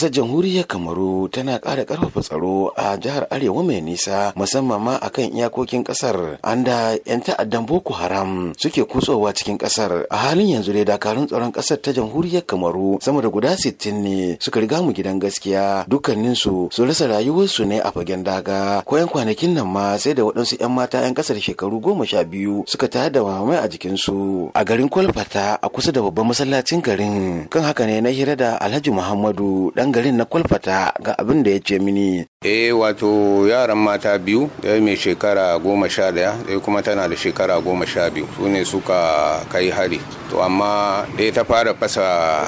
kasar jamhuriyar kamaru tana ƙara ƙarfafa tsaro a jihar arewa mai nisa musamman ma akan iyakokin ƙasar Anda da 'yan ta'addan boko haram suke kutsowa cikin ƙasar a halin yanzu dai dakarun tsaron ƙasar ta jamhuriyar kamaru sama da guda sittin ne suka riga mu gidan gaskiya dukkaninsu su rasa rayuwarsu ne a fagen daga Ko'yan kwanakin nan ma sai da waɗansu 'yan mata 'yan ƙasar shekaru goma sha biyu suka ta da mamai a jikinsu a garin kwalfata a kusa da babban masallacin garin kan haka ne na hira da alhaji muhammadu ɗan garin na kwalfata ga abin da ya ce mini eh wato yaran mata biyu ɗaya mai shekara goma sha daya ɗaya kuma tana da shekara goma sha biyu su ne suka kai hari to amma ɗaya ta fara fasa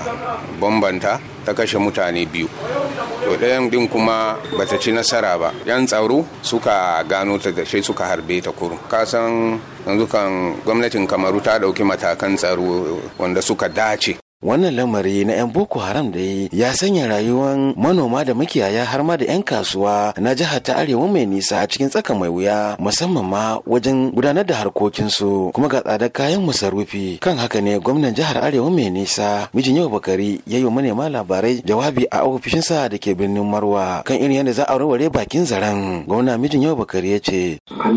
bambanta ta kashe mutane biyu to ɗayan din kuma bata ci nasara ba yan tsaro suka gano ta da suka harbe ta kurum kasan yanzu kan gwamnatin kamaru ta ɗauki matakan tsaro wanda suka dace wannan lamari na 'yan boko haram da ya sanya rayuwar manoma da makiyaya har ma da 'yan kasuwa na jihar ta arewa mai nisa a cikin tsaka mai wuya musamman ma wajen gudanar da harkokinsu kuma ga tsadar kayan masarufi kan haka ne gwamnan jihar arewa mai nisa mijin yau bakari ya yi manema labarai jawabi a ofishinsa da ke birnin marwa kan irin yadda za a warware bakin zaren gwamna mijin yau bakari ya ce ya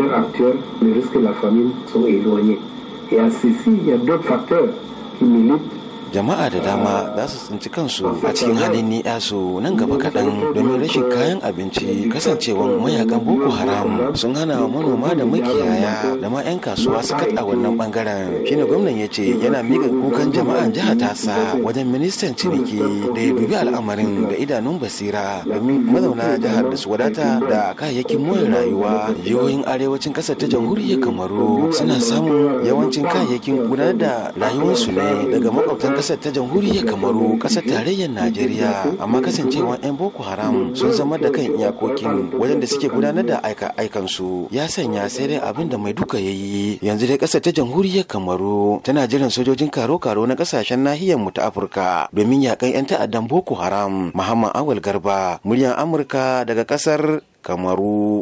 a jama'a da dama za su tsinci kansu a cikin halin ni'a su nan gaba kaɗan domin rashin kayan abinci kasancewan mayakan boko haram sun hana manoma da makiyaya da ma 'yan kasuwa su kaɗa wannan ɓangaren. shine gwamnan ya ce yana miƙa kukan jama'an jiha tasa wajen ministan ciniki da ya dubi al'amarin da idanun basira domin mazauna jihar da su wadata da kayayyakin more rayuwa jihohin arewacin ƙasar ta jamhuriyar kamaru suna samun yawancin kayayyakin gudanar da rayuwarsu ne daga makwabtan kasar ta jamhuriyar kamaru kasar tarayyar najeriya amma kasancewa 'yan boko haram sun zama da kan iyakokin wajen da suke gudanar da aika aikan su ya sanya sai dai abin da mai duka ya yi yanzu dai kasar ta jamhuriyar kamaru tana jiran sojojin karo karo na kasashen nahiyar mu ta afirka domin yakan 'yan ta'addan boko haram muhammad awal garba muryar amurka daga kasar kamaru